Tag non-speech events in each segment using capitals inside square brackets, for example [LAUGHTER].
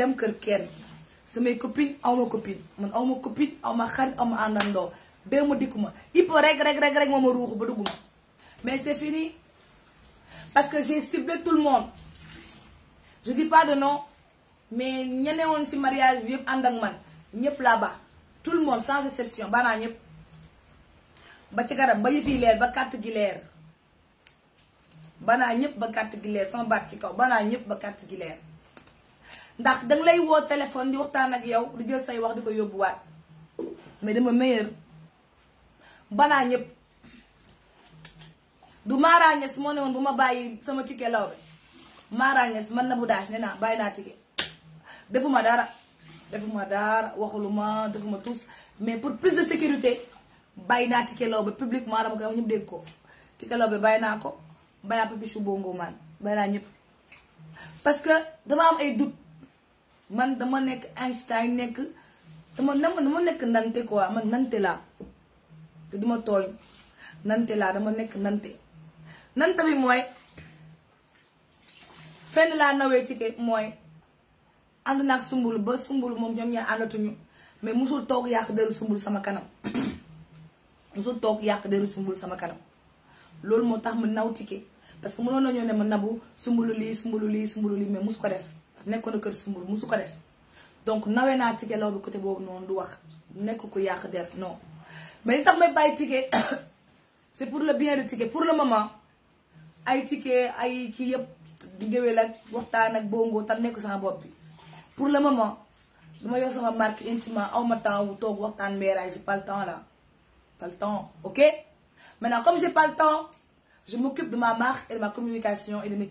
dem kër kenn samay copine aw ma copine man aw ma copine aw ma xarit aw ma àndandoo dee ma dikku ma ipo rek rek rek rek moom ma ruuxu ba dugguma mais c'est fini parce que j'ai ciblé tout le monde je dis pas de nom mais ñenewoon ci mariage bi yëpp ànd ak man ñëpp laa ba tout le monde sans exception banaa ñëpp ba ci garab ba yëf leer ba kàtt gi leer banaa ñëpp ba kàtt gi leer sama baat ci kaw banaa ñëpp ba kàtt gi leer ndax danga lay woo téléphone di waxtaan ak yow di jël say wax di ko yóbbuwaat mais dama meilleur banaa ñëpp du maaraañes moo ne woon bu ma bàyyi sama ticket lawbe maaraañes man na bu daaj ne naa bàyyi naa ticket defuma dara defuma dara waxuluma defuma tous mais pour plus de sécurité bàyyi naa ticket lawbe publiquement dama koy wax ñëpp dégg ko ticket lawbe bàyyi naa ko bàyyi naa public su bongo maan bàyyi naa ñëpp am ay doute man dama nekk Einstein nekk dama dama dama nekk nante quoi man nante laa te duma tooñ nante laa dama nekk nante nante bi mooy fenn laa nawee ci ke mooy ànd naag sumbul ba sumbul moom ñoom ñoo àndatuñu mais musul toog yàq deru sumbul sama kanam [COUGHS] musul toog yàq deru sumbul sama kanam loolu moo tax ma naw tike parce que mënoon nañoo ne ma nabu sumbulu lii sumbulu lii sumbulu lii mais mus ko def nekkoon na kër sumbul musu ko def donc nawee naa Tické Laobé côté boobu noonu du wax nekk ko yàq der non mais tam tax may bàyyi Tické [COUGHS] c'est pour le bien de pour le moment ay Tické ay kii yëpp géwél ak waxtaan ak bongo tam nekk sama bopp bi pour le moment dama yor sama marque intimement aw ma temps wu toog waxtaan mbeeraay j'ai pas le temps là pas le temps ok maintenant comme j'ai pas le temps je ma marque et ma communication et de mes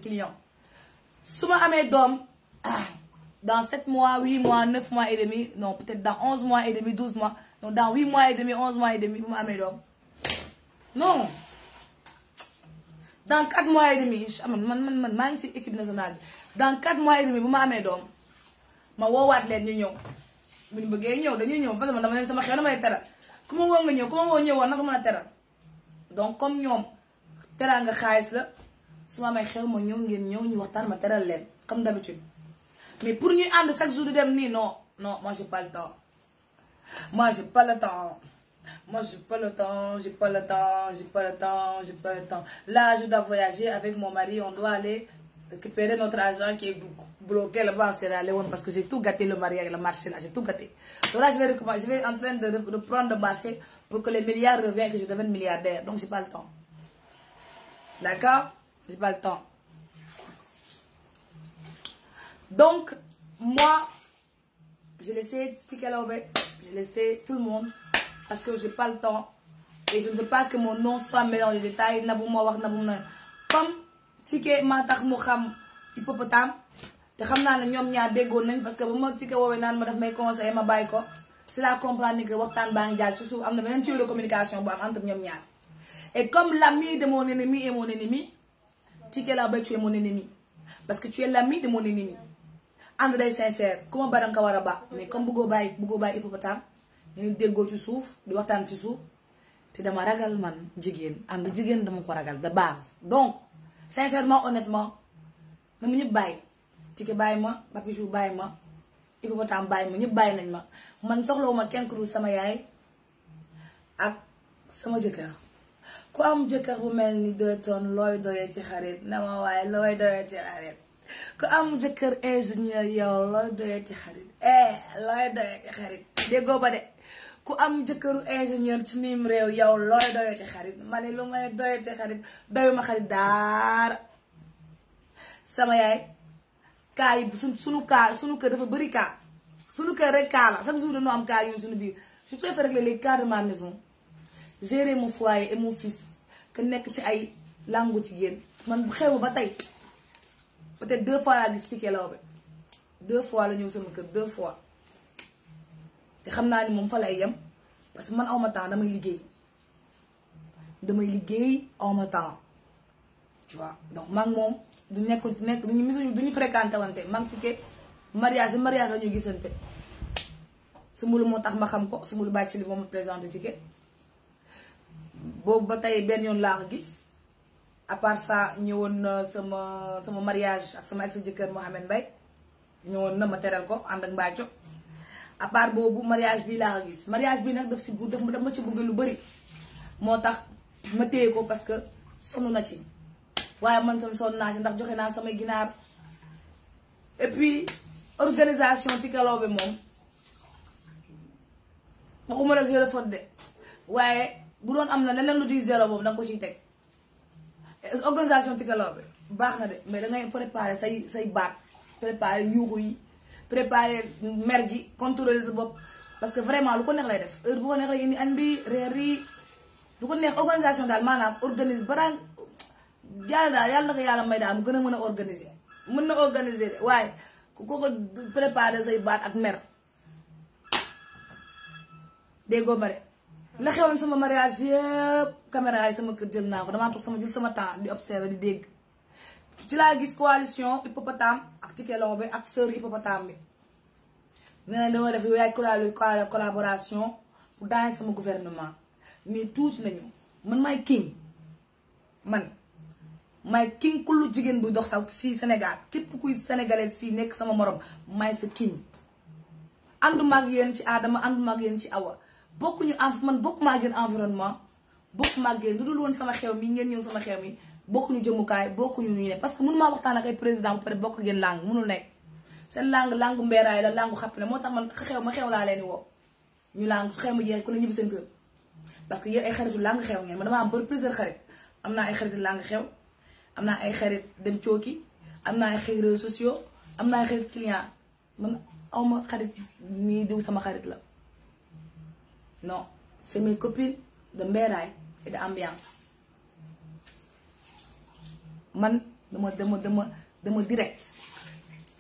su ma amee doom dans set mois, wii mois, 9 mois et demi, non, peut-être dans 11 mois et demi, 12 mois, donc dans 8 mois et demi, 11 mois et demi, bu ma amee doom non dans 4 mois et demi ah, man man man maa ngi si équipe nationale bi bu ma amee doom ma woowaat leen ñu ñëw bu ñu bëggee ñëw dañuy ñëw ba que man dama leen sama xew damay teral ku ma woo nga ñëw ku woo ñëwoon naka mën a teral donc comme ñoom teral xaalis la su ma amee xew ma ñëw ngeen ñëw ñu waxtaan ma teral leen comme d'habitude mais pour ñuy ànd chaque jour di dem nii non non moi j'ai pas le temps moi j'ai pas le temps moi j'ai pas le temps j'ai pas le temps j'ai pas le temps j'ai je dois voyager avec mon mari on doit aller récupérer notre argent qui est bloqué là-bas en Sierra Leone parce que j'ai tout gâté le mariage le marché là j'ai tout gâté donc là je vais je vais en de reprendre le marché pour que les milliards reviennent que je devienne milliardaire donc j'ai pas le temps d'accord j'ai pas le temps Donc, moi, je laissais Tikalobe, je laissais tout le monde parce que je n'ai pas le temps et je ne veux pas que mon nom soit mélangé les détails. Nabouma wax nabouma. Comme Tike Matak Mouham Hippopotame, te xam naa ne ñoom ñaar déggoon nañ parce que bu ma Tike woowee naan ma daf may conseiller ma bàyyi ko si la comprendre ni que waxtaan baa ngi jaar ci suuf am na beneen tuyau de communication bu am entre ñoom ñaar et comme l'ami de mon ennemi et mon ennemi Tike Laobé tu parce que tu es l'ami de mon ànd day sincère ku ma ba danga war a ba mais comme bëggoo bàyyi bëggoo bàyyi hippopotame ñu déggoo ci suuf di waxtaan ci suuf te dama ragal man jigéen ànd jigéen dama ko ragal de base donc sincèrement honnêtement na mu ñëpp bàyyi Tike bàyyi ma Papichou bàyyi ma hippopotame bàyyi ma ñëpp bàyyi nañ ma man soxlawuma kenn ku dul sama yaay ak sama jëkkër ku am jëkkër bu mel ni deux tonnes looy doyee ci xarit na waaye looy doyee ci xarit ku am jëkkër ingénieur yow looy doyati xarit eh looy doyati xarit déggoo ba de ku am jëkkëru ingénieur ci miim réew yow looy doyati xarit ma ne lu may doyati xarit doyuma xarit daara sama yaay kaa yi suñ suñu kaa kër dafa bëri kaa suñu kër rek kaa la chaque jour dañoo am kaa yooyu suñu biir je préfère régler les cas de ma maison gérer mon foyer et mon fils que nekk ci ay langu jigéen man bu xew ba tey peut-être deux fois laa gis la Lawbe deux fois la ñëw sama kër deux fois te xam naa ni moom fa lay yem parce que man awma temps damay liggéey damay liggéey awma temps tu vois donc maa ngi moom du nekk nekk duñu misuñu duñu fréquenté wante maa ngi Tické mariage mariage la ñu gisante Soumboulou moo tax ma xam ko Soumboulou bàcc li moom ma présenté Tické boobu ba tey benn yoon laa ko gis à part ça ñëwoon na sama sama mariage ak sama ex jëkkër Mohamed mbay ñëwoon na ma teral ko ànd ak mbaaco à boobu mariage bi laa gis mariage bi nag def si daf ma ci bëgg lu bëri moo tax ma téye ko parce que sonn na ci waaye man tam sonn ci ndax joxe naa samay ginaar et puis organisation Tika Laobé moom waxuma la zéro faute de waaye bu doon am na leneen lu di zéro moom da ko ciy teg. organisation ci galaw bi baax na de mais dangay préparer say say baat préparer yuuxu yi préparer mer gi contrôler sa bopp parce que vraiment lu ko neex lay def heure bu ko neex lay indi añ bi reer yi lu ko neex organisation daal maanaam organise baraan yàlla daal yàlla na yàlla may daal mu gën a mën a organiser mën na organiser de waaye ku ko préparer say baat ak mer déggoo bare la xewoon sama mariage yëpp caméra yi sama kër jël naa ko damaa toog sama jël sama temps di observer di dégg ci laa gis coalition hippopotame ak ticket long bi ak sœur hippopotame bi nee nañ dama def yow yaay collaboration pour daane sama gouvernement mais tuuti nañu man may king man maay king kullu jigéen buy dox sa fii Sénégal képp kuy sénégalais fii nekk sama morom maay sa king ànduma ak yéen ci aadama ànduma ak yéen ci awa bokkuñu env man bokk maa gën environnement bokk maa gën lu dul woon sama xew mi ngeen ñëw sama xew mi bokkuñu jëmukaay bokkuñu ñu ne parce que mënumaa waxtaan ak ay président bu pare bokk ngeen langue mënul nekk seen langue langue mbeeraay la langue xapp la moo tax man xew ma xew laa leen woo ñu langue xew ma jeex ku ne seen kër parce que yéen ay xaritu langue xew ngeen man dama am bëri plusieurs xarit am naa ay xaritu langue xew am naa ay xarit dem cooki am naa ay xarit réseaux sociaux am naa ay xarit client man awma xarit nii sama xarit la Non, c'est mes copines de Mberaï et de Ambiance. Man, dama dama dama dama direct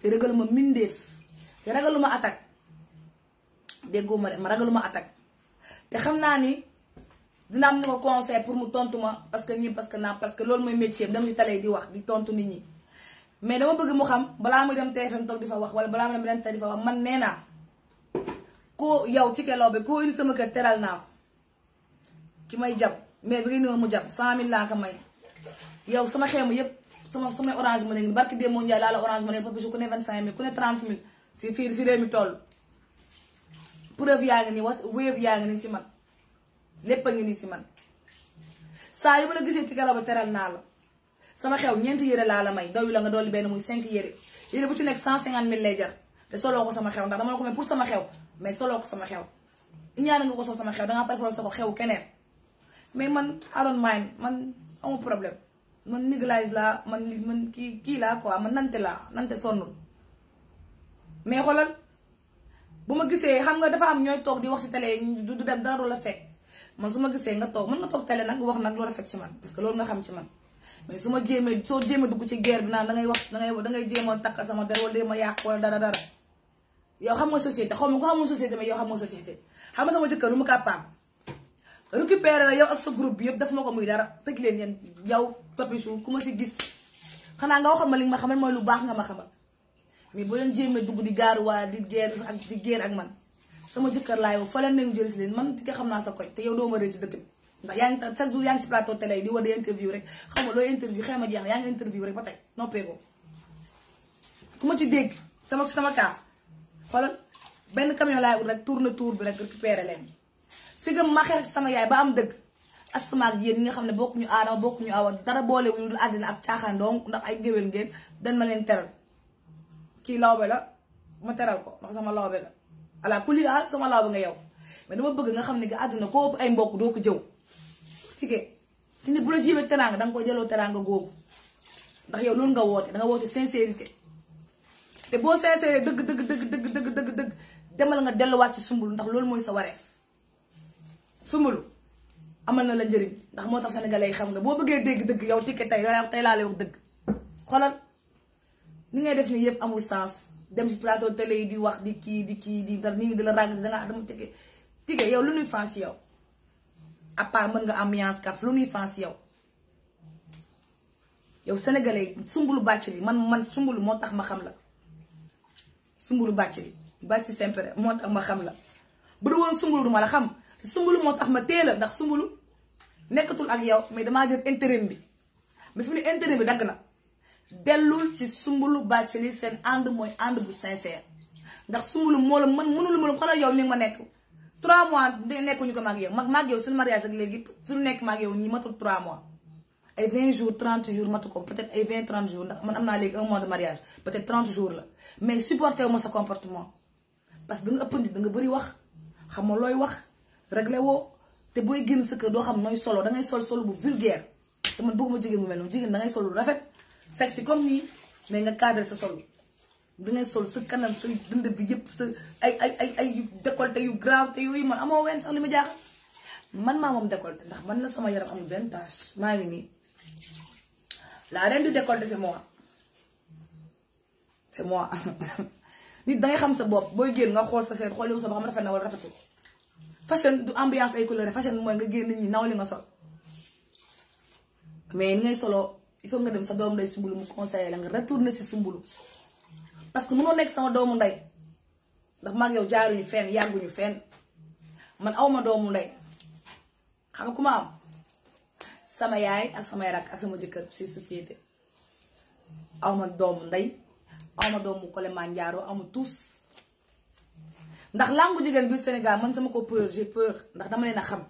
te ragaluma mindeef te ragaluma attaque déggoo ma ma ragaluma attaque te xam naa ni dina am ñu ko conseil pour mu tontu ma parce que nii parce que naa parce que loolu mooy métier am dama ci tale di wax di tontu nit ñi mais dama bëgg mu xam balaa mu dem TFM toog di fa wax wala balaa muy dem beneen di fa wax man nee naa. koo yow ci keloo bi koo indi sama kër teral naa ko ki may jàpp mais bi nga ñëw mu jàpp cent mille laa ko may yow sama xeemu yëpp sama samay orange ma ne barki démb Ndiaye laa la orange ma ne parce que ku ne vingt cinq mille ku ne trente mille si fii fi réew mi toll preuve yaa ngi nii wax wéef yaa ngi nii si man lépp a ngi nii si man saa yu ma la gisee ci keloo bi teral naa la sama xew ñeenti yére laa la may doyu la nga dolli benn muy cinq yére yére bu ci nekk cent cinquante mille lay jar te soloo ko sama xew ndax dama la ko may pour sama xew mais soloo ko sama xew ñaana nga ko sol sama xew dangaa préféré sa ko xew keneen mais man I mind man amu problème man néglige laa man man kii kii laa quoi man nante laa nante sonnul mais xoolal bu ma gisee xam nga dafa am ñooy toog di wax si télé du dem dara du la fekk man su ma gisee nga toog mën nga toog télé nag wax nag loolu fekk ci man parce que loolu nga xam ci man mais su ma jéemee soo jéemee dugg ci guerre bi naan da ngay wax da w da ngay jéem a takk sama der wala ma yàq wala dara yow xam nga société xaw ma ko xamul société mais yow xam nga société xam nga sama jëkkër lu mu capable récupérer la yow ak sa groupe bi yëpp daf ma ko muy dara tëj leen yeen yow Papichou ku ma si gis xanaa nga waxal ma li nga ma xamal mooy lu baax nga ma xamal mais boo leen jéemee dugg di gaaruwaa di géer ak di géer ak man sama jëkkër laa yow fa leen nañu jël si leen man di nga xam naa sa koy te yow doo ma rëcc ci dëkk bi ndax yaa ngi chaque jour yaa ngi si plateau télé yi di war di interview rek xam nga loo interview ma jeex yaa ngi interview rek ba tey noppee ko ku ma ci dégg sama sama kaa xoolal benn camion laay ut rek tourne tour bi rek récupéré leen si gëm ma sama yaay ba am dëgg asama ak yéen ñi nga xam ne bokkuñu aadama bokkuñu awa dara boole wuñu dul àddina ak caaxaan donc ndax ay géwél ngeen dan ma leen teral kii lawbe la ko ndax sama lawbe la ala sama lawbe nga yow mais dama bëgg nga xam ne que àdduna koo ay mbokk doo ko jëw Tické te nit bu la jiwee teraanga da nga koy jëloo teraanga googu ndax yow loolu nga woote da nga woote sincérité te boo sincère dëgg dëgg dëgg dëgg dëgg dëgg demal nga delluwaat ci sumbulu ndax loolu mooy sa wareef sumbulu amal na la njëriñ ndax moo tax sénégalais yi xam nga boo bëggee dégg dëgg yow tikke tey tey laa lay wax dëgg xoolal ni ngay def ni yëpp amul sens dem ci plateau télé yi di wax di kii di kii di dara nii di la ràng danga dama tikke tikke yow lu ñuy fans yow à mën nga am ambiance kaf lu ñuy fans yow yow sénégalais sumbulu bàcc li man man sumbulu moo tax ma xam la sumbulu bàcc bi bàcc simpere moo tax ma xam la bu du woon sumbulu du la xam sumbulu moo tax ma teel a ndax sumbulu nekkatul ak yow mais damaa jël intérim bi mais fi mu intérim bi dagg na dellul ci sumbulu bàcc li seen ànd mooy ànd bu sincère ndax sumbulu moo la mën mënul mënul xoolal yow ni ma nekk trois mois nekkuñu ko ma ak yow mag ma ak yow suñu mariage ak léegi suñu nekk ma ak yow ñi matul trois mois ay 20 jours 30 jours matu ko peut-être ay 20 30 jours ndax man am naa léegi un mois mariage peut-être jours la mais supporté wu ma sa comportement parce que da nga ëppandi da bëri wax xam ma looy wax réglé woo te booy génn sa kër doo xam nooy solo da sol solo bu vulgaire te man bëgguma jigéen bu mel noonu jigéen da ngay sol lu rafet sexy comme nii mais nga cadré sa sol da ngay sol sa kanam sa dënd bi yëpp sa ay ay ay ay décolleté yu grave te yooyu man amoo wenn sax li ma jaaxal man maa moom décolleté ndax man na sama yaram amul benn maa ngi nii. la reine du de c'est moi c'est moi [LAUGHS] nit dangay xam sa bopp booy génn nga xool sa seet xoolewu sa ba xam rafet na wala rafetul fashion du ambiance ay couleur fashion mooy nga génn ñi naw li nga sol mais ni ngay solo il faut nga dem sa doom ndey sumbulu mu conseillé la nga retourner si sumbulu parce que mënoo nekk sama doomu ndey ndax maa ngi yow jaaruñu fenn yàgguñu fenn man awma doomu ndey xam nga ku ma am sama yaay ak samay rak ak sama jëkkër ci société awma doomu ndey awma doomu kolema njaaroo awma tous ndax làngu jigéen bi Sénégal man sama ko peur j'ai peur ndax dama leen a xam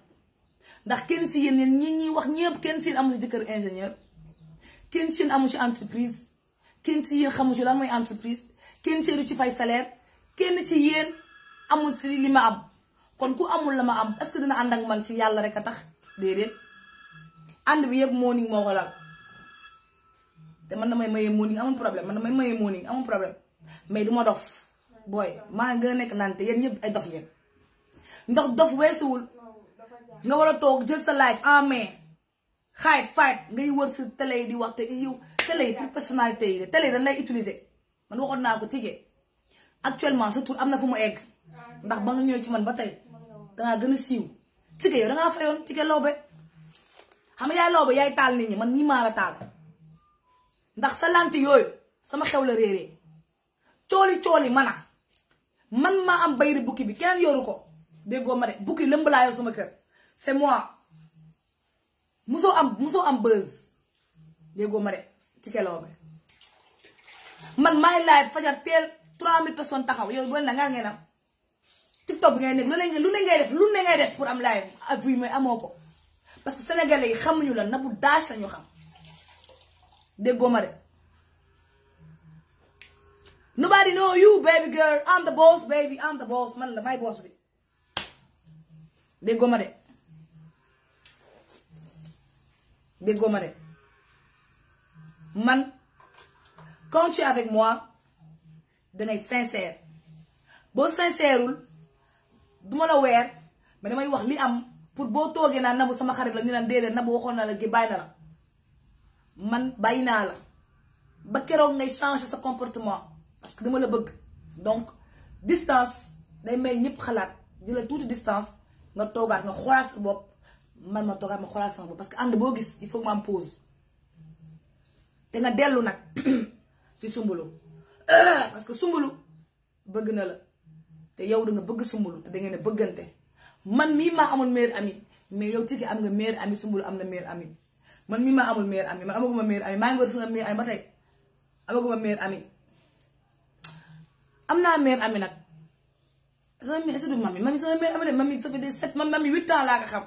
ndax kenn si yéen ñi ñuy wax ñëpp kenn si yéen amu si jëkkër ingénieur kenn si amu si entreprise kenn ci yéen xamu si lan mooy entreprise kenn ci yéen ci fay salaire kenn ci yéen amul si li ma am kon ku amul la ma am parce que dina ànd ak man ci yàlla rek a tax déedéet. ànd bi yëpp morning moo ko lal te man damay maye morning amul problème man damay maye morning amul problème mais du ma dof booy maa nga nekk naan te yéen ñëpp ay dof ngeen ndax dof weesuwul nga war a toog jël sa life en main xaayit faayit ngay wër si télé yi di wax te yow télé yi pour personnalité yi de télé yi dañ lay utiliser man waxoon naa ko tijjee actuellement sa tur am na fu mu egg ndax ba nga ñëw ci man ba tey dangaa gën a siiw tike yow dangaa fayoon tike loobe xam nga yaay law ba yaay taal ni ñi man ñi maa la taal ndax sa lant yooyu sama xew la réeree cooli cooli mana man maa am bayri bukki bi keneen yoru ko déggoo ma de bukki lëmb sama kër c'est moi musoo am musoo am buzz déggoo ma de keloo bi man maay laay fajar teel 3000 personnes taxaw yow boo ne la ngaa ngeen am tiktok bi ngay nekk lu ne lu ne ngay def lu ne ngay def pour am live ak vues mais amoo ko parce que sénégalais yi xamuñu la Nabou Dash lañu xam déggoo ma de nobody know you baby girl I'm the boss baby I'm the boss man la may boss bi déggoo ma de déggoo ma de man quand tu es avec moi dangay sincère boo sincèreul duma la weer mais damay wax li am pour boo toogee naan nabu sama xarit la ñu naan déedéet nabu waxoon na la gi bàyyi na la man bàyyi naa la ba keroog ngay changer sa comportement parce que dama la bëgg donc distance day may ñëpp xalaat jëlal tuuti distance nga toogaat nga xoolaat sa bopp man ma toogaat ma xoolaat sama parce que ànd boo gis il faut que ma te nga dellu nag [CLEARS THROAT] ci sumbulu [CLEARS THROAT] parce que sumbulu bëgg na la te yow danga bëgg sumbulu te da bëggante. man mii maa amoon meilleur ami mais yow Tiki am nga meilleur ami Soumboulou am na meilleur ami man mii maa amul meilleur ami man amaguma meilleur ami maa ngi war sama meilleur ami ba tey amaguma am naa meilleur ami nag sama mère surtout mami mami sama mère am na mami ça fait des sept mami huit ans laa ko xam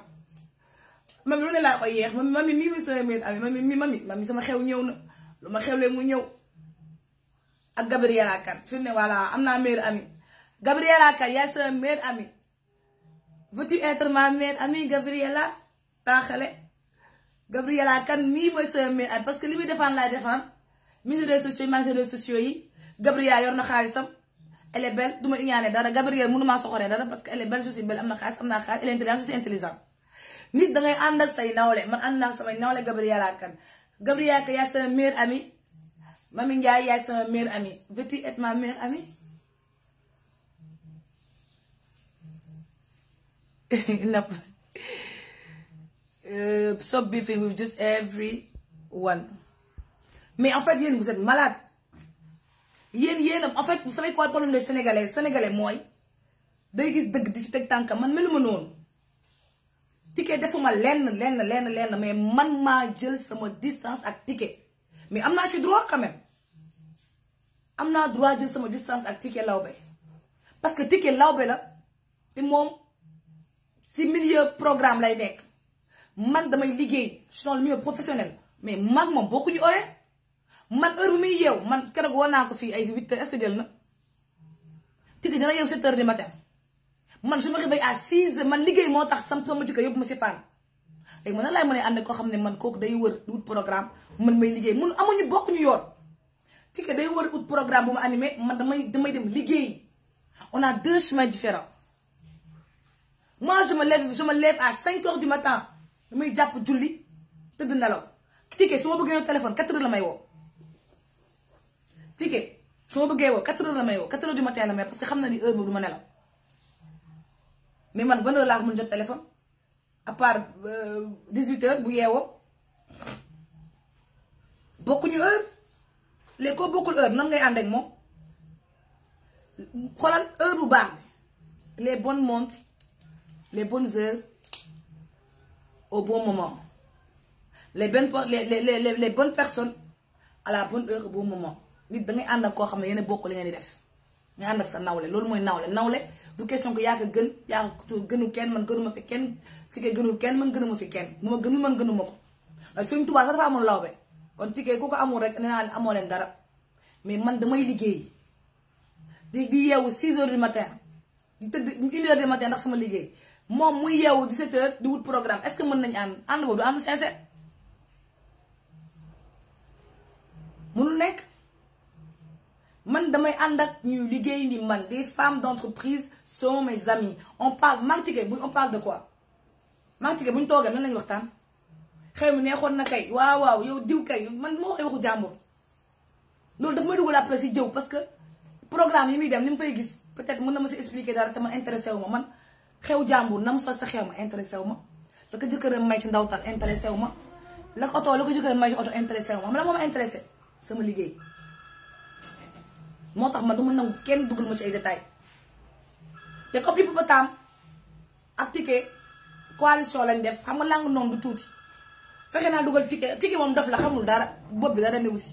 mami lu ne laa koy yeex mami mami mii mii sama mère am mami sama xew ñëw na lu ma xewlee mu ñëw ak Gabriela Kane fi ne voilà am naa mère ami Gabriela Kane yaay sama mère ami veux-tu être ma mère amie Gabriella taa xale Gabriella kan mii mooy sa mère ah, parce que li muy defaan laay defaan ministre des sociaux yi ministre sociaux yi Gabriella yor na xaalisam elle est belle du ma ñaanee dara Gabrielle mënu maa soxoree dara parce que elle est belle je suis belle am na xaalis am naa xaalis elle est intelligente intelligent nit dangay ànd say nawle man ànd naa ak samay nawle Gabriella Kane Gabriella Kane yaay sama meilleure amie Mami Ndiaye yaay uh, [LAUGHS] eh, stop beefing with just everyone. Mais en fait, yéen vous êtes malade. yéen yéen en fait vous savez quoi le problème des sénégalais mooy day gis dëgg di ci teg tànkam man melu ma noonu ticket defuma lenn lenn lenn lenn mais man maa jël sama distance ak ticket mais am naa ci droit quand am naa droit jël sama distance ak ticket lawbe parce que ticket lawbe la te moom. si milieu programme lay nekk man damay liggéey je suis dans le milieu professionnel mais mag moom ñu ore man heure bu muy yeew man keroog woon naa ko fii ay huit heures est-ce que jël na tigi dina yeew sept heures du matin man su me réveille à six man liggéey moo tax sam sama jëkkër yóbbu ma si fànn léegi man nan laay mën a ànd koo xam ne man kooku day wër di programme man may liggéey mun amuñu bokk ñu yoon tike day wër ut programme bu ma animé man damay damay dem liggéey on a deux chemins différents moi je me lève je me lève à 5 heures du matin damay jàpp julli tëdd nelaw Ticket su ma bëggee woo téléphone 4 heures la may woo Ticket su ma bëggee woo 4 heures la may woo 4 heures du matin la may parce que xam na ni heure boobu du ma nelaw mais man ba heure laa ko jot téléphone à part 18 euh, heures bu yeewoo bokkuñu heure léegi koo bokkul heure nan ngay ànd ak moom xoolal heure bu baax bi les bonnes montres. les bonnes heures au bon moment les bonnes les les les les bonnes personnes à la bonne heure au bon moment nit da ànd ak koo xam ne yéen a bokk li ngeen di def nga ànd ak sa nawle loolu mooy nawle nawle du question que yaa ko gën yaa ko gënu kenn man gënuma fi kenn Tické gënul kenn man gënuma fi kenn mu ma gënul man gënuma ko ndax Sëñ Tuubaa sax dafa amoon lawbe kon Tické ku ko amul rek nee naa amoo leen dara mais man damay liggéey di di yeewu 6 heures du matin di tëdd une heure du matin ndax sama liggéey. moom muy yeewu di heures di wut programme est-ce que mën nañu ànd ànd boobu du am sincère mënul nekk man damay ànd ak ñuy liggéey ni man des femmes d'entreprise sont mes amies on parle martiqué bu on parle de quoi martiqué bu ñu toogee nan lañu waxtaan xew mi neexoon na kay waaw waaw yow diw kay man moo waxee waxu jàmbur loolu dafa may dugal après si jëw parce que programme yi muy dem ni mu fay gis peut mën na ma si expliquer dara te man intéressé wu ma man xew jàmbur na mu sol sa xew ma intéressé wu ma la ko jëkkëram may ci ndawtal intéressé wu ma la ko oto la ko jëkkëram may ci oto intéressé wu ma xam sama liggéey moo tax man dama nangu kenn dugal ma ci ay détails te comme hippopotame ak ticket coalition lañ def xam nga làngu noonu du tuuti fexe naa dugal ticket ticket moom daf la xamul dara bopp bi dara newu si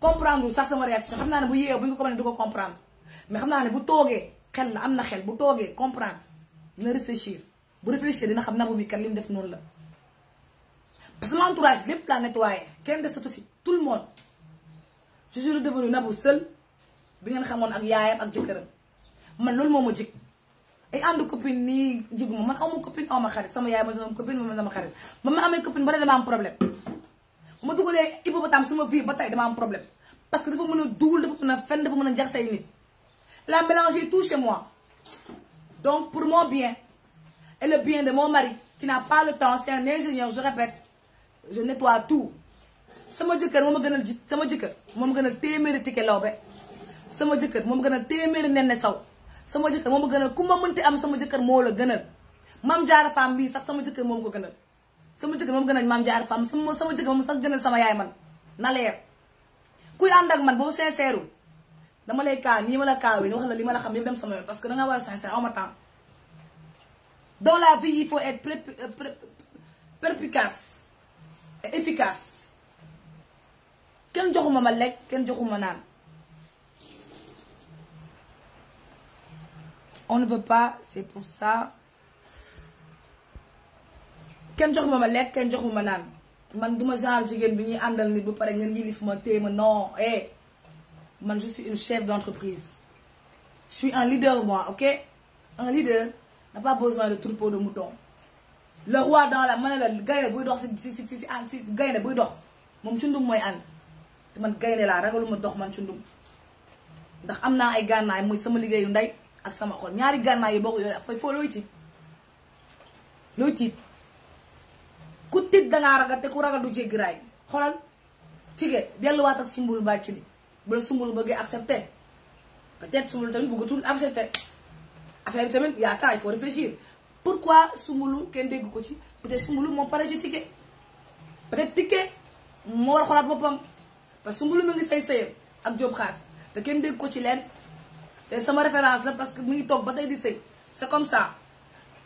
comprendre sax sama réaction xam naa ne bu yeewoo bu ñu ko mën du ko comprendre mais xam naa ne bu toogee xel na am na xel bu toogee comprendre. na réfléchir bu réfléchir dina xam nabu mi kat li mu def noonu la parce que l'entourage lépp laa waaye kenn def desatu fi tout le monde je suis redevenu nabu seul bi ngeen xamoon ak yaayam ak jëkkëram man loolu moo ma jig ay ànd copine nii jiguma man aw ma copine aw ma xarit sama yaay ma sama copine ma sama xarit man ma amee copine ba tey dama am problème ma dugalee hippopotame sama vie ba tey dama am problème parce que dafa mën a dugal dafa a fen dafa mën a jax say nit la mélanger tout chez moi Donc, pour mon bien et le bien de mon mari, qui n'a pas le temps, c'est un ingénieur, je répète, je nettoie tout. sama jëkkër moo ma gënal ji sama jëkkër moo ma gënal téeméeri ticket lawbe sama jëkkër moo ma gënal téeméeri nen ne saw sama jëkkër moo ma gënal ku ma mënti am sama jëkkër moo la gënal maam jaara faam bii sax sama jëkkër moom ko gënal sama jëkkër moom gënal maam jaara faam sama sama jëkkër moom sax gënal sama yaay man na leer kuy ànd ak man boo sincère dama lay kaa nii ma la kaawee ni wax la li ma la xam yëpp dem sama yoon parce que da nga war a sincère aw ma temps dans la vie il faut être euh, perspicace et efficace kenn joxuma ma lekk kenn joxuma naan on ne veut pas c'est pour ça kenn joxuma ma lekk kenn joxuma ma naan man duma genre jigéen bi ñuy àndal nit bu pare ngeen yilif ma téye ma non eh. man je une chef d'entreprise je suis un leader moi ok un leader n'a pas besoin de troupeau de moutons le roi dans la ma ne la gaynde buy dox si si si si ànd ah, si gaynde buy dox moom cundum mooy ànd te man gaynde laa ragaluma dox man cundum ndax am naa ay gànnaay muy sama liggéeyu ndey ak sama xol ñaari gànnaay yi boo ko yooyu foo looy tiit looy tiit ku tiit dangaa ragal te ku ragal du jéggi raay xolal tige delluwaat ak sumbul bàcc li bu la Soumboulou bëggee accepter peut-être Soumboulou tamit bëggatul accepter affaire bi tamit yaa taa il faut réfléchir pourquoi Soumboulou kenn dégg ko ci peut-être Soumboulou moo pare ci Tické peut-être Tické moo war xoolaat boppam parce que Soumboulou mi ngi say sëyam ak Diop Khass te kenn dégg ko ci leen te sama référence la parce que mi ngi toog ba tey di sëy c'est comme ça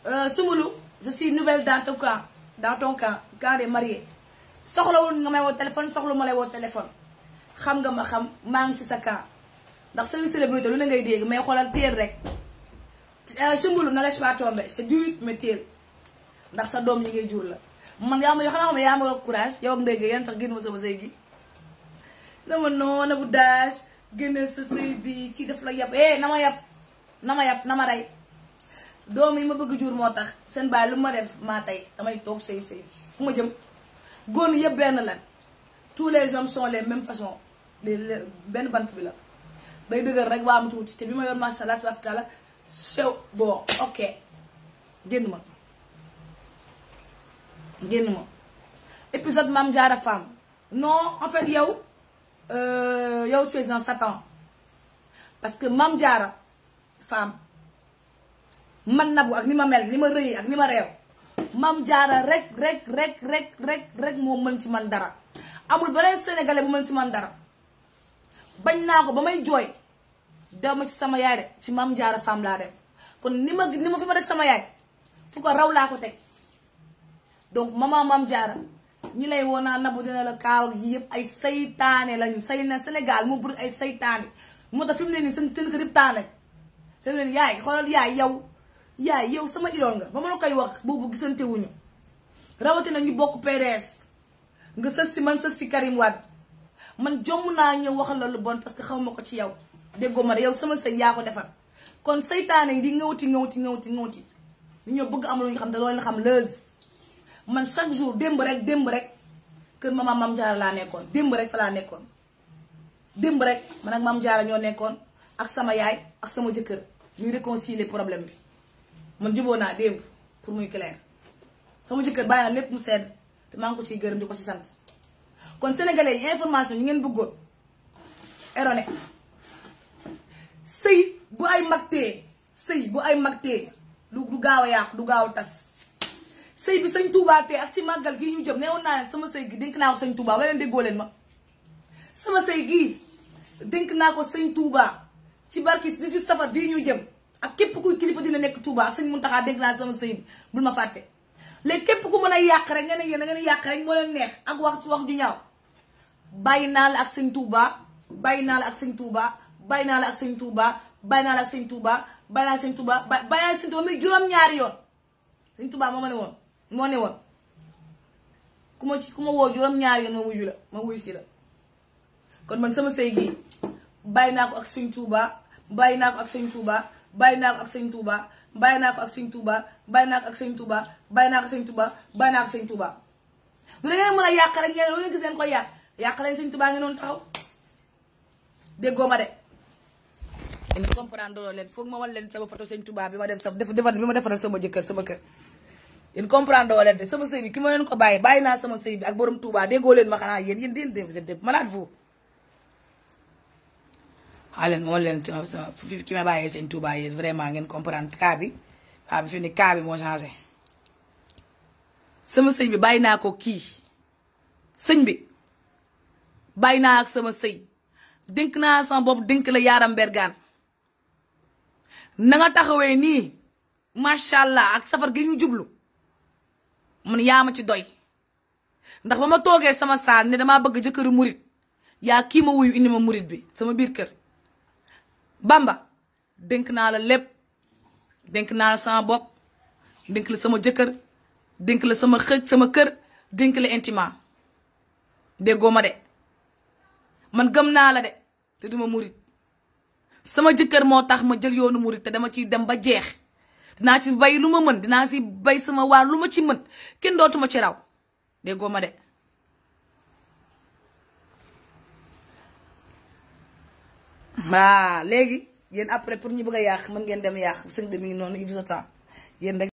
euh, Soumboulou je suis nouvelle dans ton camp dans ton camp camp des nga may woo téléphone soxlu ma lay woo téléphone xam nga ma xam maa ngi ci sa camp ndax sooy célébrité lu ne ngay dégg mais xoolal teel rek euh, sa mbulu na laisse pas tomber sa juut ma teel ndax sa doom yi ngay jur la man yaa ma yoo xam ne yaa ma courage yow ak ndey gi yéen ma sama sëy gi na ma non na sa bi kii def la yab eh na ma yab na ma rey doom yi ma bëgg jur moo tax seen baay lu ma def maa tey damay toog sëy sëy fu ma jëm góor yëpp benn lan tous les hommes sont les mêmes façons les benn bant bi la bay dëgër rek waa mu tuuti te bi ma yor macha allah tubaab taala sew bon ok génn ma génn ma épisode Mame jaara Fam non en fait yow euh, yow tu es un satan parce que mam jaara Fam man nabu ak ni ma mel li ma rëy ak ni ma réew Mame Diarra rek rek rek rek rek rek moo mën ci man dara. amul beneen sénégalais bu mën si man dara bañ naa ko ba may jooy daw ma ci sama yaay de ci maam jaara femme laa dem kon ni ma ni ma fi ma rek sama yaay fu ko raw laa ko teg donc maman maam jaara ñi lay woon naa nabu dina la kaaw ak yëpp ay saytaane lañu say na senegal moo bëri ay saytaane moo tax fi mu ne nii seen seen kër yëpp taan rek nii yaay xoolal yaay yow yaay yow sama idool nga ba ma la koy wax boobu gisante wuñu rawatina ñu bokk PDS. nga sës si man sës si Karim Wade man jomm naa ñëw waxal la lu bon parce que xamuma ko ci yow déggoo ma yow sama sëy yaa ko defar kon seytaane yi di ngawti ngawti ngawti ngawti li ñoo bëgg am lu ñu xam te loolu xam leuse man chaque jour démb rek démb rek kër mama Mame Diarra laa nekkoon démb rek fa laa nekkoon démb rek man ak Mame ñoo nekkoon ak sama yaay ak sama jëkkër ñuy réconcilier problème bi man juboo naa démb pour muy clair sama jëkkër bàyyi na lépp mu sedd te maa ngi ko ciy gërëm di ko ci sant kon sénégalais yi information yi ngeen bëggoon erroné sëy bu ay mag tee sëy bu ay mag tee du gaaw a yàqu du gaaw a tas sëy bi sëñ Touba tee ak ci màggal gii ñu jëm neewoon naa sama sëy gi dénk naa ko sëñ Touba wala ma sama sëy gii dénk naa ko sëñ Touba ci barki 18 safar bii ñu jëm ak képp kuy kilifa dina nekk Touba ak sëñ Mountakha dénk naa sama sëy bi bul ma fàtte. léegi képp ku mën a yàq rek nga ne yéen a yàq rek moo leen neex ak wax ci wax ju ñaaw bàyyi naa la ak sëñ Touba bàyyi naa la ak sëñ Touba bàyyi naa la ak sëñ Touba bàyyi naa la ak sëñ Touba bàyyi naa la ak sëñ Touba bàyyi yoon sëñ Touba moo ma ne woon moo ne woon ku ma ku ma woo juróom-ñaari wuyu la ma wuyu si la kon man sama sëy gi bàyyi naa ko ak sëñ Touba bàyyi naa ko ak sëñ Touba bàyyi naa ko ak sëñ Touba bàyyi naa ko ak sëñ Touba bàyyi naa ko ak sëñ Touba bàyyi naa ko sëñ Touba bàyyi naa ko sëñ Touba du da ngeen a yàq rek ngeen loolu gis ngeen koy yàq yàq lañ sëñ Touba ngeen doon taxaw déggoo ma de ene comprendre loolu ma wan leen sama photo sëñ Touba bi ma def sa def defar bi ma defaral sama jëkkër sama kër yéen comprendre leen de sama sëy ki ma leen ko bàyyi bàyyi naa sama sëy bi ak borom Touba déggoo leen ma xanaa yéen yéen déen dé vous êtes malade vous xaa leen moo leen fi ki ma bàyyee seen Touba yéen vraiment ngeen comprendre cas bi waa bi fi ni cas moo changé sama sëy bi bàyyi naa ko kii sëñ bi bàyyi naa ak sama sëy dénk naa sama bopp dénk la yaaram bergaan nanga nga taxawee nii macha allah ak safar gi ñu jublu man yaa ma ci doy ndax ba ma toogee sama saal ne damaa bëgg jëkkëru murit yaa kii ma wuyu indi ma murit bi sama biir kër Bamba dénk naa la lépp dénk naa la sama bopp dénk la sama jëkkër dénk la sama xëj sama kër dénk la intiment déggoo ma de man gëm naa la de te duma murit sama jëkkër moo tax ma jël yoonu murit te dama ciy dem ba jeex dinaa ci bay lu ma mën dinaa si bay sama waar lu ma ci mën kenn dootuma ci raw déggoo ma de waa léegi yéen après pour ñu bëgg a yàq mën ngeen dem yàq sëñ bi mi ngi noonu il vous attend yéen rek.